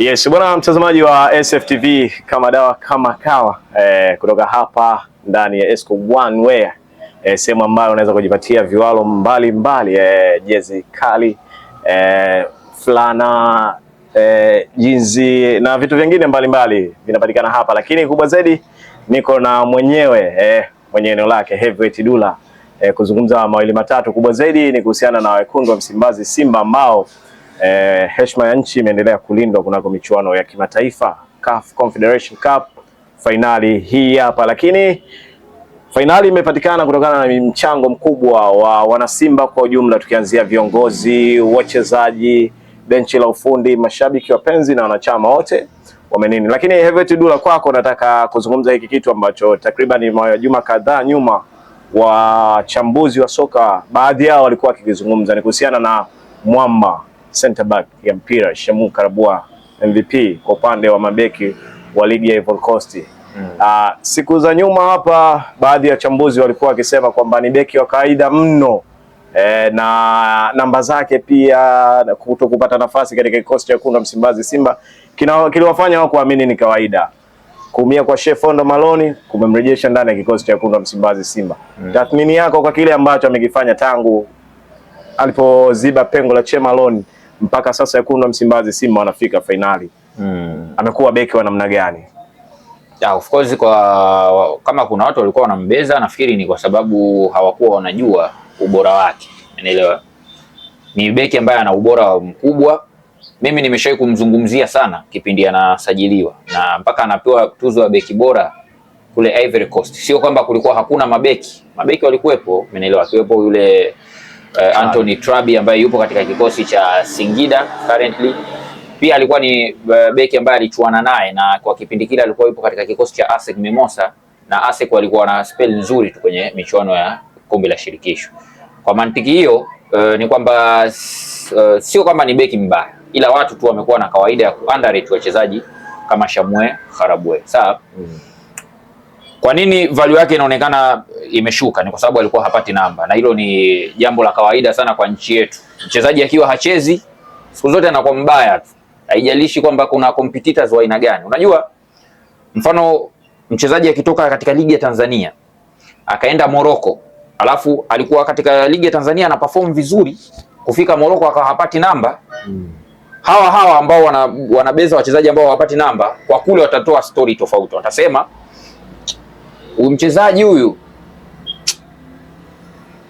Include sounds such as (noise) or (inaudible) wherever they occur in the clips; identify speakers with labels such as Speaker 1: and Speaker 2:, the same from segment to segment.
Speaker 1: Yes, bwana mtazamaji wa SFTV kama dawa kama kawa eh, kutoka hapa ndani ya Esco One Wear eh, sehemu ambayo unaweza kujipatia viwalo mbalimbali eh, jezi kali eh, fulana eh, jinzi na vitu vingine mbalimbali vinapatikana hapa, lakini kubwa zaidi niko na mwenyewe eh, mwenye eneo lake Heavyweight Dulla eh, kuzungumza mawili matatu. Kubwa zaidi ni kuhusiana na wekundu wa Msimbazi Simba ambao eh, heshima ya nchi imeendelea kulindwa kunako michuano ya kimataifa CAF Confederation Cup fainali hii hapa, lakini fainali imepatikana kutokana na mchango mkubwa wa wanasimba kwa ujumla, tukianzia viongozi, wachezaji, benchi la ufundi, mashabiki, wapenzi na wanachama wote wamenini. Lakini Heavyweight Dulla, kwako nataka kuzungumza hiki kitu ambacho takriban majuma kadhaa nyuma wachambuzi wa soka baadhi yao walikuwa wakikizungumza, ni kuhusiana na mwamba center back ya mpira Shemu Karabua MVP kwa upande wa mabeki wa ligi ya Ivory Coast. Mm. Uh, siku za nyuma hapa baadhi ya wachambuzi walikuwa wakisema kwamba ni beki wa kawaida mno e, na namba zake pia na kuto kupata nafasi katika kikosi cha Wekundu Msimbazi Simba kiliwafanya wao kuamini ni kawaida. Kuumia kwa Chef Ondo Maloni kumemrejesha ndani ya kikosi cha Wekundu Msimbazi Simba. Mm. Tathmini yako kwa kile ambacho amekifanya tangu alipoziba pengo la Che Maloni mpaka sasa Wekundu Msimbazi Simba wanafika fainali mm. amekuwa beki wa namna gani?
Speaker 2: Yeah, of course kwa kama kuna watu walikuwa wanambeza, nafikiri ni kwa sababu hawakuwa wanajua ubora wake, unaelewa. Ni beki ambaye ana ubora mkubwa. Mimi nimeshawahi kumzungumzia sana kipindi anasajiliwa na mpaka anapewa tuzo ya beki bora kule Ivory Coast. Sio kwamba kulikuwa hakuna mabeki, mabeki walikuwepo, unaelewa, akiwepo yule uh, Anthony Trabi ambaye yupo katika kikosi cha Singida currently pia alikuwa ni eh, beki ambaye alichuana naye na kwa kipindi kile alikuwa yupo katika kikosi cha ASEC Mimosa na ASEC walikuwa na spell nzuri tu kwenye michuano ya kombe la shirikisho. Kwa mantiki hiyo uh, ni kwamba uh, sio kwamba ni beki mbaya, ila watu tu wamekuwa na kawaida ya ku underrate wachezaji kama Shamwe Karabwe. Sawa. Mm. Kwa nini value yake inaonekana imeshuka? Ni kwa sababu alikuwa hapati namba, na hilo ni jambo la kawaida sana kwa nchi yetu. Mchezaji akiwa hachezi siku zote anakuwa mbaya tu, haijalishi kwamba kuna competitors wa aina gani. Unajua, mfano mchezaji akitoka katika ligi ya Tanzania akaenda Moroko, alafu alikuwa katika ligi ya Tanzania ana perform vizuri, kufika Moroko akawa hapati namba hmm. Hawa hawa ambao wanabeza wachezaji ambao hawapati namba, kwa kule watatoa story tofauti, watasema huyu mchezaji huyu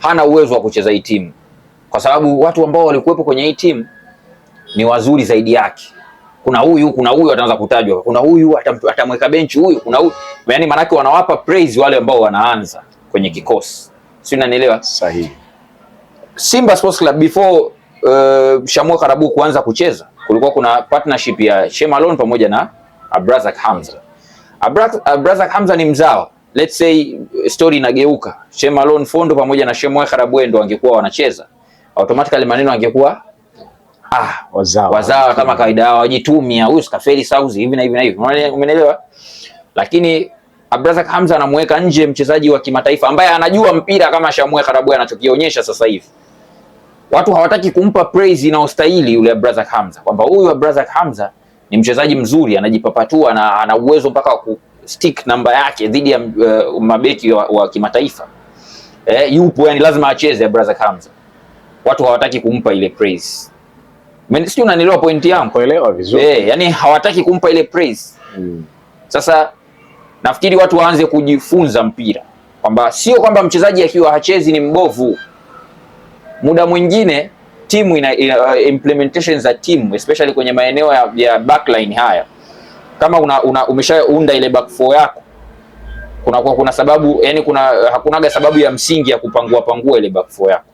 Speaker 2: hana uwezo wa kucheza hii timu, kwa sababu watu ambao walikuwepo kwenye hii timu ni wazuri zaidi yake. Kuna huyu kuna huyu ataanza kutajwa, kuna huyu atamweka benchi huyu, kuna huyu, yaani maanake wanawapa praise wale ambao wanaanza kwenye kikosi, si unanielewa? Sahihi. Simba Sports Club before uh, Shamua Karabu kuanza kucheza kulikuwa kuna partnership ya Shemalon pamoja na Abrazak Hamza. Abrazak Hamza ni mzawa let's say story inageuka, Shem Alon Fondo pamoja na Shem Shema Bwendo angekuwa wanacheza automatically, maneno angekuwa ah,
Speaker 1: wazawa wazawa
Speaker 2: kama kawaida yao, wajitumia huyu skafeli sauzi hivi na hivi na hivi, umeelewa? Lakini Abdrazak Hamza anamweka nje mchezaji wa kimataifa ambaye anajua mpira kama Shamwe Karabwe anachokionyesha sasa hivi. Watu hawataki kumpa praise inayostahili yule Abdrazak Hamza, kwamba huyu Abdrazak Hamza ni mchezaji mzuri, anajipapatua na ana uwezo mpaka stick namba yake dhidi ya uh, mabeki wa, wa kimataifa eh, yupo yani lazima acheze brother Hamza. Watu hawataki kumpa ile praise. Sio, unanielewa point yangu? Kuelewa vizuri. Eh, yani hawataki kumpa ile praise. Hmm. Sasa nafikiri watu waanze kujifunza mpira kwamba sio kwamba mchezaji akiwa hachezi ni mbovu. Muda mwingine timu ina, ina, uh, implementation za timu especially kwenye maeneo ya, ya backline haya kama una, una, umeshaunda ile back four yako kuna, kuna, kuna sababu yani kuna hakunaga sababu ya msingi ya kupangua pangua ile back four yako,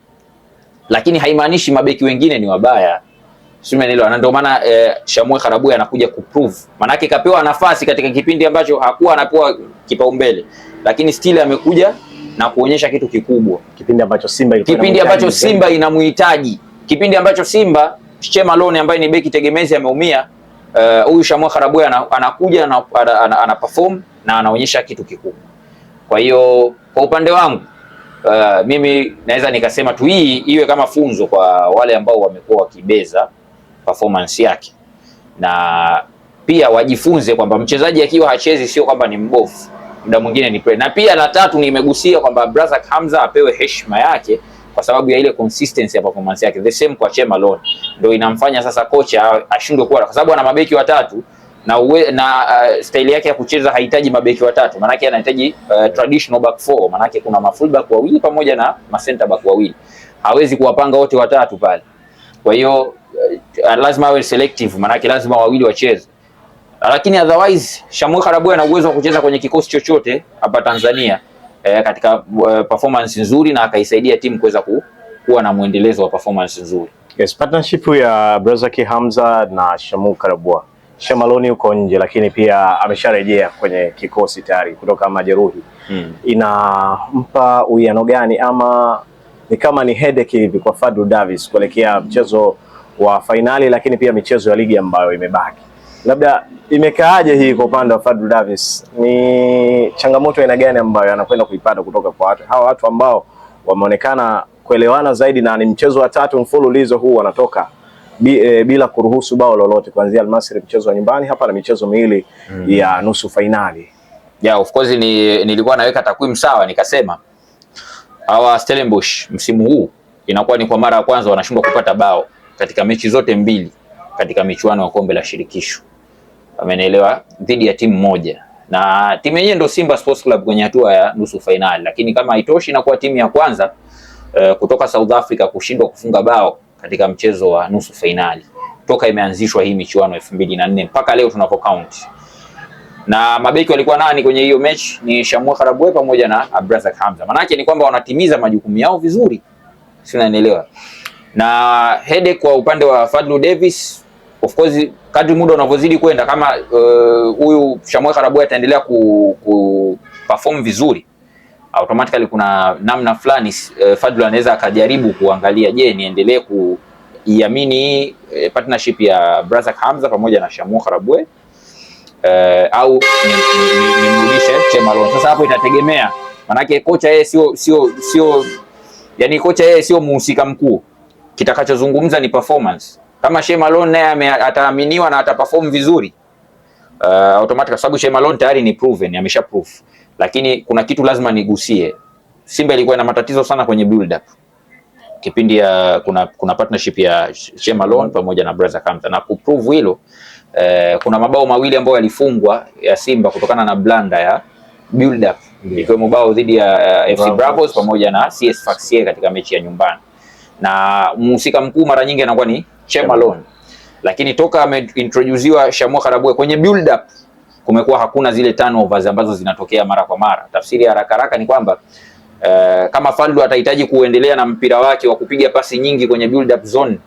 Speaker 2: lakini haimaanishi mabeki wengine ni wabaya, sio umeelewa? Na ndio maana eh, Shamwe Karabu anakuja kuprove, maanake kapewa nafasi katika kipindi ambacho hakuwa anapewa kipaumbele, lakini still amekuja na kuonyesha kitu kikubwa, kipindi ambacho Simba ilikuwa kipindi ambacho Simba inamhitaji, kipindi ambacho Simba Shema Lone ambaye ni beki tegemezi ameumia Eh, huyu uh, Shamwa Karabwe anakuja ana, ana, ana, ana perform na anaonyesha kitu kikubwa. Kwa hiyo kwa upande wangu uh, mimi naweza nikasema tu hii iwe kama funzo kwa wale ambao wamekuwa wakibeza performance yake, na pia wajifunze kwamba mchezaji akiwa hachezi sio kwamba ni mbovu, muda mwingine ni pre. Na pia la tatu nimegusia kwamba Brazak Hamza apewe heshima yake kwa sababu ya ile consistency ya performance yake. The same kwa Chema Chemalone ndio inamfanya sasa kocha ashindwe kuwa, kwa sababu ana mabeki watatu na, uwe, na uh, staili yake ya kucheza hahitaji mabeki watatu, maanake anahitaji uh, traditional back four, maanake kuna mafullback wawili pamoja na masenta back wawili, hawezi kuwapanga wote watatu pale. Kwa hiyo uh, lazima awe selective, maanake lazima wawili wacheze, lakini otherwise Shamwe Karabwe ana uwezo wa kucheza kwenye kikosi chochote hapa Tanzania eh, katika eh, performance nzuri na akaisaidia timu kuweza ku, kuwa na mwendelezo wa performance nzuri.
Speaker 1: Yes, partnership ya Brazaki Hamza na Shamu Karabua. Shamaloni uko nje lakini pia amesharejea kwenye kikosi tayari kutoka majeruhi. Hmm. Inampa uwiano gani ama ni kama ni headache hivi kwa Fadlu Davis kuelekea mchezo wa fainali lakini pia michezo ya ligi ambayo imebaki? Labda imekaaje hii kwa upande wa Fadlu Davis, ni changamoto aina gani ambayo anakwenda kuipata kutoka kwa watu hawa, watu ambao wameonekana kuelewana zaidi na ni mchezo wa tatu mfululizo huu wanatoka bi, e, bila kuruhusu bao lolote kuanzia Almasri mchezo wa nyumbani hapa na michezo miwili mm. ya nusu fainali.
Speaker 2: Yeah, of course ni, nilikuwa naweka takwimu sawa nikasema hawa Stellenbosch msimu huu inakuwa ni kwa mara ya kwanza wanashindwa kupata bao katika mechi zote mbili katika michuano ya kombe la shirikisho amenielewa, dhidi ya timu moja na timu yenyewe ndio Simba Sports Club kwenye hatua ya nusu fainali, lakini kama haitoshi na kuwa timu ya kwanza e, kutoka South Africa kushindwa kufunga bao katika mchezo wa nusu fainali toka imeanzishwa hii michuano 2004 mpaka leo tunapo count. Na mabeki walikuwa nani kwenye hiyo mechi? Ni Shamwa Karabwe pamoja na Abdrazak Hamza. Maanake ni kwamba wanatimiza majukumu yao vizuri, si unaelewa? Na headache kwa upande wa Fadlu Davis Of course kadri muda unavyozidi kwenda, kama uh, huyu uh, Shamwe Karabwe ataendelea ku, ku perform vizuri automatically, kuna namna fulani uh, Fadlu anaweza akajaribu kuangalia, je, niendelee iamini eh, partnership ya Brother Hamza pamoja na Shamwe Karabwe eh, au nimrudishe ni, ni, ni Chemalon. Sasa hapo itategemea, manake kocha yeye sio sio sio, yani kocha yeye sio muhusika mkuu, kitakachozungumza ni performance kama Shea Malone naye ataaminiwa na ataperform vizuri uh, automatic kwa sababu Shea Malone tayari ni proven, amesha proof, Lakini kuna kitu lazima nigusie. Simba ilikuwa ina matatizo sana kwenye build up. Kipindi ya kuna kuna partnership ya Shea Malone pamoja na Brother Kamta na kuprove hilo uh, kuna mabao mawili ambayo yalifungwa ya Simba kutokana na blanda ya build up yeah. ikiwemo bao dhidi ya uh, eh, FC Bravos pamoja na CS Sfaxien e katika mechi ya nyumbani, na mhusika mkuu mara nyingi anakuwa ni Che Malone, lakini toka ameintroduziwa Shamwa Karabue kwenye build up kumekuwa hakuna zile turnovers ambazo zinatokea mara kwa mara. Tafsiri ya haraka haraka ni kwamba uh, kama Faldo atahitaji kuendelea na mpira wake wa kupiga pasi nyingi kwenye build up zone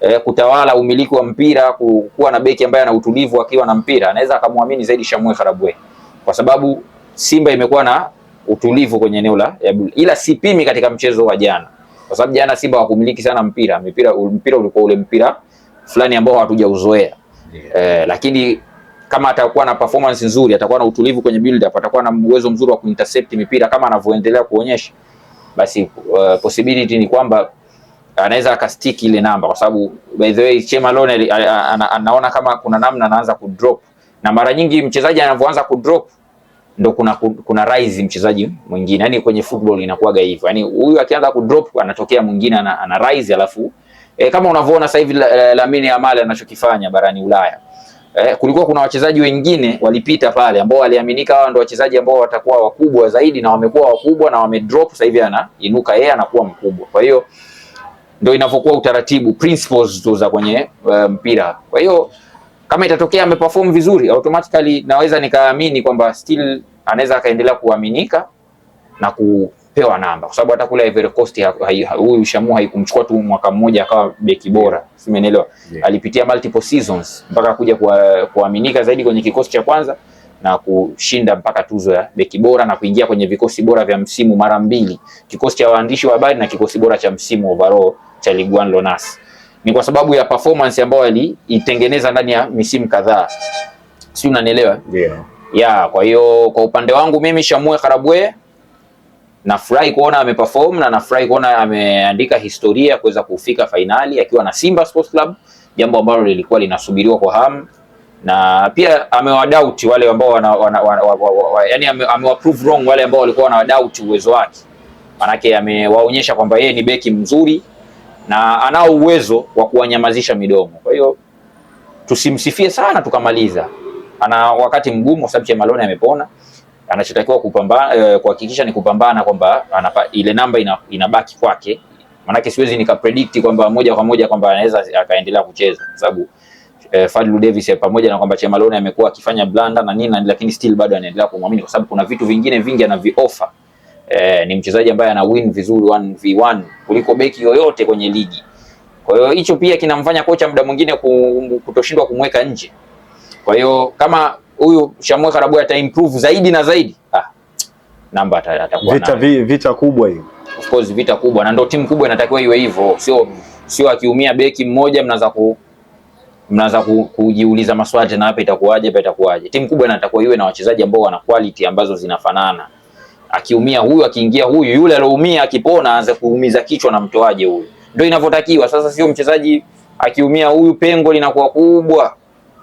Speaker 2: E, kutawala umiliki wa mpira, kuwa na beki ambaye ana utulivu akiwa na mpira, anaweza akamwamini zaidi Shamwe Karabwe, kwa sababu Simba imekuwa na utulivu kwenye eneo la, ila sipimi katika mchezo wa jana kwa sababu jana Simba wakumiliki sana mpira. Mpira mpira ulikuwa ule mpira fulani ambao hatujauzoea yeah. Eh, lakini kama atakuwa na performance nzuri, atakuwa na utulivu kwenye build up, atakuwa na uwezo mzuri wa kuintercept mipira kama anavyoendelea kuonyesha, basi uh, possibility ni kwamba anaweza akastick ile namba, kwa sababu by the way Chema Lone anaona kama kuna namna anaanza kudrop, na mara nyingi mchezaji anavyoanza kudrop ndo kuna, kuna rise mchezaji mwingine. Yani kwenye football inakuwaga hivyo, yani huyu akianza ku drop anatokea mwingine ana, ana rise alafu e, kama unavyoona sasa hivi Lamine Yamal anachokifanya barani Ulaya. e, kulikuwa kuna wachezaji wengine walipita pale ambao waliaminika hawa ndo wachezaji ambao watakuwa wakubwa zaidi na wamekuwa wakubwa na wamedrop sasa hivi anainuka yeye anakuwa mkubwa. Kwa hiyo ndio inavyokuwa utaratibu principles tu za kwenye eh, mpira. Um, kwa hiyo kama itatokea ameperform vizuri, automatically naweza nikaamini kwamba still anaweza akaendelea kuaminika na kupewa namba, kwa sababu hata kule Ivory Coast huyu Shamu haikumchukua tu mwaka mmoja akawa beki bora, simeelewa yeah. Alipitia multiple seasons mpaka kuja kuaminika zaidi kwenye kikosi cha kwanza na kushinda mpaka tuzo ya beki bora na kuingia kwenye vikosi bora vya msimu mara mbili, kikosi cha waandishi wa habari na kikosi bora cha msimu overall cha Liguan Lonas ni kwa sababu ya performance ambayo aliitengeneza ndani ya misimu kadhaa, si unanielewa? Yeah. Ya, kwa hiyo kwa upande wangu mimi Shamwe Karabwe nafurahi kuona ameperform na nafurahi kuona ameandika historia ya kuweza kufika fainali akiwa na Simba Sports Club, jambo ambalo lilikuwa linasubiriwa kwa hamu na pia amewadoubt wale ambao wana, wana, wana, wana, wana, wana, wana, yani amewaprove wrong wale ambao walikuwa wanadoubt uwezo wake, manake amewaonyesha kwamba yeye ni beki mzuri na anao uwezo wa kuwanyamazisha midomo. Kwa hiyo tusimsifie sana tukamaliza. Ana wakati mgumu kwa sababu Chemalone amepona. Anachotakiwa kupambana eh, kuhakikisha ni kupambana kwamba ile namba ina, inabaki kwake. Maanake siwezi nikapredict kwamba moja kwa moja kwamba anaweza akaendelea kucheza kwa sababu eh, Fadlu Davis pamoja na kwamba Chemalone amekuwa akifanya blanda na nini, lakini still bado anaendelea kumwamini kwa sababu kuna vitu vingine vingi anavi offer eh, ni mchezaji ambaye ana win vizuri 1v1 kuliko beki yoyote kwenye ligi. Kwa hiyo hicho pia kinamfanya kocha muda mwingine kutoshindwa kumweka nje. Kwa hiyo kama huyu Shamwe Karabu ata improve zaidi na zaidi, ah, namba atakuwa
Speaker 1: vita, vi, vita kubwa hiyo.
Speaker 2: Of course vita kubwa na ndio timu kubwa inatakiwa iwe hivyo, sio sio akiumia beki mmoja mnaanza ku mnaanza kujiuliza maswali tena, hapa itakuwaje, hapa itakuwaje. Timu kubwa inatakiwa iwe na wachezaji ambao wana quality ambazo zinafanana akiumia huyu akiingia huyu, yule alioumia akipona aanze kuumiza kichwa na mtoaje huyu. Ndio inavyotakiwa sasa, sio mchezaji akiumia huyu pengo linakuwa kubwa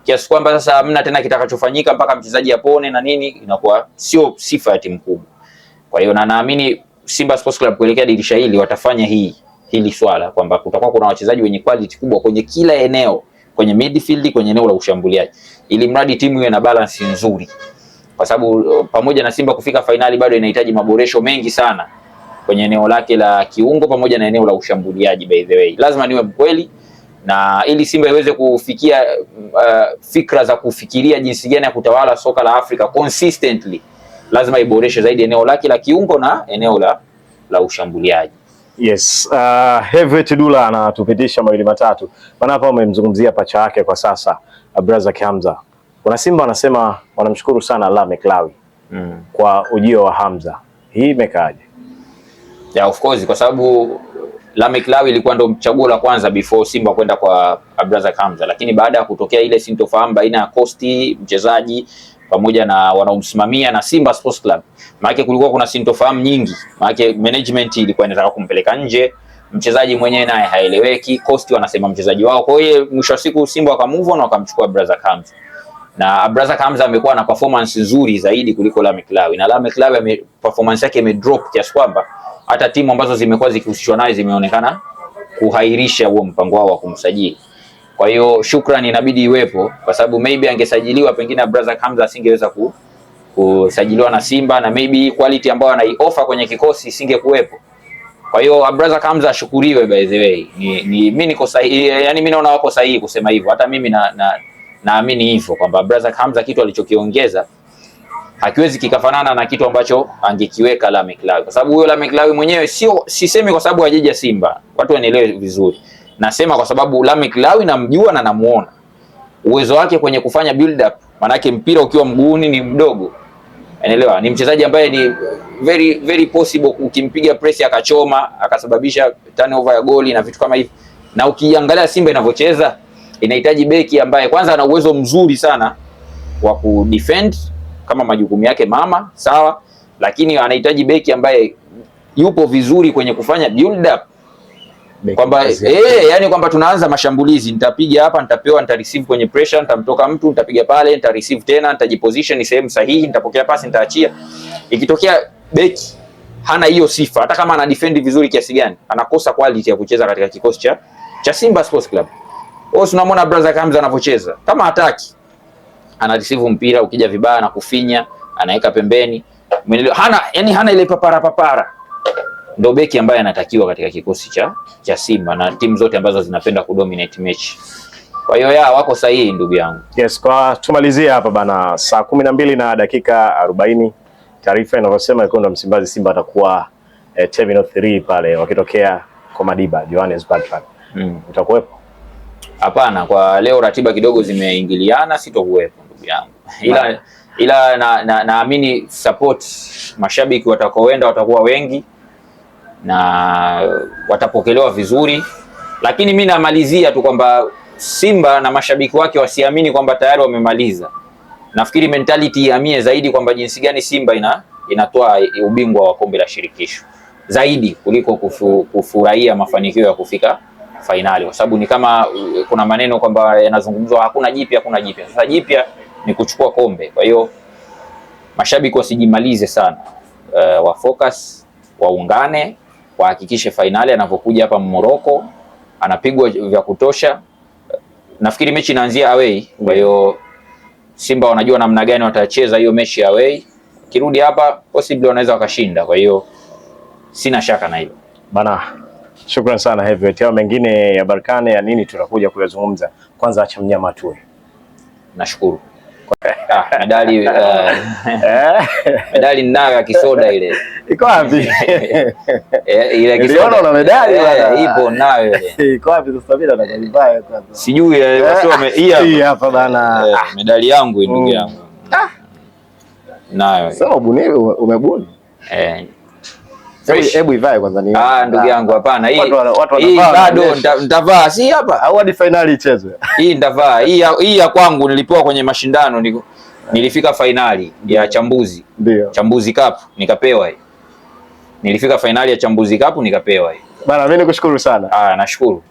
Speaker 2: kiasi kwamba sasa hamna tena kitakachofanyika mpaka mchezaji apone na nini, inakuwa sio sifa ya timu kubwa. Kwa hiyo na naamini Simba Sports Club kuelekea dirisha hili watafanya hii hili swala kwamba kutakuwa kuna wachezaji wenye quality kubwa kwenye kila eneo, kwenye midfield, kwenye eneo la ushambuliaji, ili mradi timu iwe na balance nzuri kwa sababu uh, pamoja na Simba kufika fainali bado inahitaji maboresho mengi sana kwenye eneo lake la kiungo pamoja na eneo la ushambuliaji. By the way, lazima niwe mkweli na ili Simba iweze kufikia uh, fikra za kufikiria jinsi gani ya kutawala soka la Afrika consistently, lazima iboreshe zaidi eneo lake la kiungo na eneo la, la ushambuliaji.
Speaker 1: Yes, uh, Heavyweight Dula anatupitisha mawili matatu. Maana amemzungumzia umemzungumzia pacha yake kwa sasa, Abdrazak uh, Hamza Simba wanasema wanamshukuru sana Allah Meklawi mm. kwa ujio wa Hamza. Hii imekaaje?
Speaker 2: Yeah, of course kwa sababu Lameck Lawi ilikuwa ndo chaguo la kwanza before Simba kwenda kwa Abdrazak Hamza, lakini baada ya kutokea ile sintofahamu baina ya Kosti mchezaji pamoja na wanaomsimamia na Simba Sports Club, maana kulikuwa kuna sintofahamu nyingi, maana management ilikuwa inataka kumpeleka nje, mchezaji mwenyewe naye haeleweki, Kosti wanasema mchezaji wao. Kwa hiyo mwisho wa siku Simba wakamove na wakamchukua Abdrazak Hamza na Abraza Kamza amekuwa na performance nzuri zaidi kuliko Lameck Lawi, na Lameck ame, performance yake imedrop kiasi kwamba hata timu ambazo zimekuwa zikihusishwa naye zimeonekana kuhairisha huo mpango wao wa kumsajili. Kwa hiyo shukrani inabidi iwepo, kwa sababu maybe angesajiliwa pengine Abraza Kamza asingeweza ku, kusajiliwa na Simba na maybe quality ambayo anaiofa kwenye kikosi isingekuwepo. Kwa hiyo Abraza Kamza ashukuriwe by the way. Ni, ni mimi niko sahihi, yani mimi naona wako sahihi kusema hivyo. Hata mimi na, na naamini hivyo kwamba brother Hamza kitu alichokiongeza hakiwezi kikafanana na kitu ambacho angekiweka Lameck Lawi, kwa sababu huyo Lameck Lawi mwenyewe sio, sisemi kwa sababu hajaja Simba, watu wanielewe vizuri. Nasema kwa sababu Lameck Lawi namjua na namuona uwezo wake kwenye kufanya build up, manake mpira ukiwa mguuni ni mdogo, unaelewa. Ni mchezaji ambaye ni very very possible, ukimpiga press akachoma akasababisha turnover ya goli na vitu kama hivi, na ukiangalia Simba inavyocheza inahitaji beki ambaye kwanza ana uwezo mzuri sana wa kudefend kama majukumu yake mama, sawa, lakini anahitaji beki ambaye yupo vizuri kwenye kufanya build up kwamba eh, yani kwamba tunaanza mashambulizi, nitapiga hapa, nitapewa, nita receive kwenye pressure, nitamtoka mtu, nitapiga pale, nita receive tena, nitajiposition ni sehemu sahihi, nitapokea pasi, nitaachia. Ikitokea beki hana hiyo sifa, hata kama ana defend vizuri kiasi gani, anakosa quality ya kucheza katika kikosi cha cha Simba Sports Club. Wewe unamwona brother Kamza anavyocheza, kama hataki ana receive mpira, ukija vibaya na kufinya, anaweka pembeni, hana yani, hana ile papara papara. Ndio beki ambaye anatakiwa katika kikosi cha cha Simba na timu zote ambazo zinapenda kudominate mechi. Kwa hiyo ya wako sahihi ndugu yangu.
Speaker 1: Yes, kwa tumalizia hapa bana, saa kumi na mbili na dakika 40 taarifa inavyosema ikondo Msimbazi Simba atakuwa eh, terminal 3 pale wakitokea kwa Madiba Johannesburg. Mm. Utakuwepo?
Speaker 2: Hapana, kwa leo ratiba kidogo zimeingiliana, sitokuwepo ndugu yangu, ila ila naamini na, na support mashabiki watakaoenda watakuwa wengi na watapokelewa vizuri, lakini mi namalizia tu kwamba Simba na mashabiki wake wasiamini kwamba tayari wamemaliza. Nafikiri mentality ihamie zaidi kwamba jinsi gani Simba ina inatoa ubingwa wa kombe la shirikisho zaidi kuliko kufu, kufurahia mafanikio ya kufika fainali, kwa sababu ni kama uh, kuna maneno kwamba yanazungumzwa, hakuna jipya, hakuna jipya. Sasa jipya ni kuchukua kombe. Kwa hiyo mashabiki wasijimalize sana, uh, wa focus waungane, wahakikishe fainali anapokuja hapa Morocco anapigwa vya kutosha. Nafikiri mechi inaanzia away, kwa hiyo Simba wanajua namna gani watacheza hiyo mechi away. Kirudi hapa possibly wanaweza wakashinda, kwa hiyo sina shaka na hilo
Speaker 1: bana. Shukrani sana Heavyweight. Hayo mengine ya Barkane ya nini tutakuja kuyazungumza. Kwanza acha mnyama atue.
Speaker 2: Nashukuru. (laughs) Ah, medali uh, eh? medali ninayo ya kisoda ile.
Speaker 1: Iko wapi? (laughs) Eh, ile kisoda na medali eh,
Speaker 2: bwana. Ipo nayo
Speaker 1: ile. (laughs) Iko wapi sasa bila na kalibaye kwanza.
Speaker 2: Sijui ile wasiome hii
Speaker 1: hapa bana.
Speaker 2: Medali yangu ndugu mm. yangu. Ah. Nayo.
Speaker 1: Sasa ubunifu umebuni. Eh. Hebu ivae
Speaker 2: kwanza ni. Ah, ndugu yangu hapana. Hii watu wanavaa. hii bado nitavaa si hapa.
Speaker 1: Au hadi finali ichezwe.
Speaker 2: (laughs) Hii nitavaa. Hii hii ya kwangu nilipewa kwenye mashindano ni, nilifika finali ya Chambuzi. Ndio. Chambuzi Cup nikapewa hii. Nilifika finali ya Chambuzi Cup nikapewa hii.
Speaker 1: Bana, mimi nikushukuru sana.
Speaker 2: Ah, nashukuru.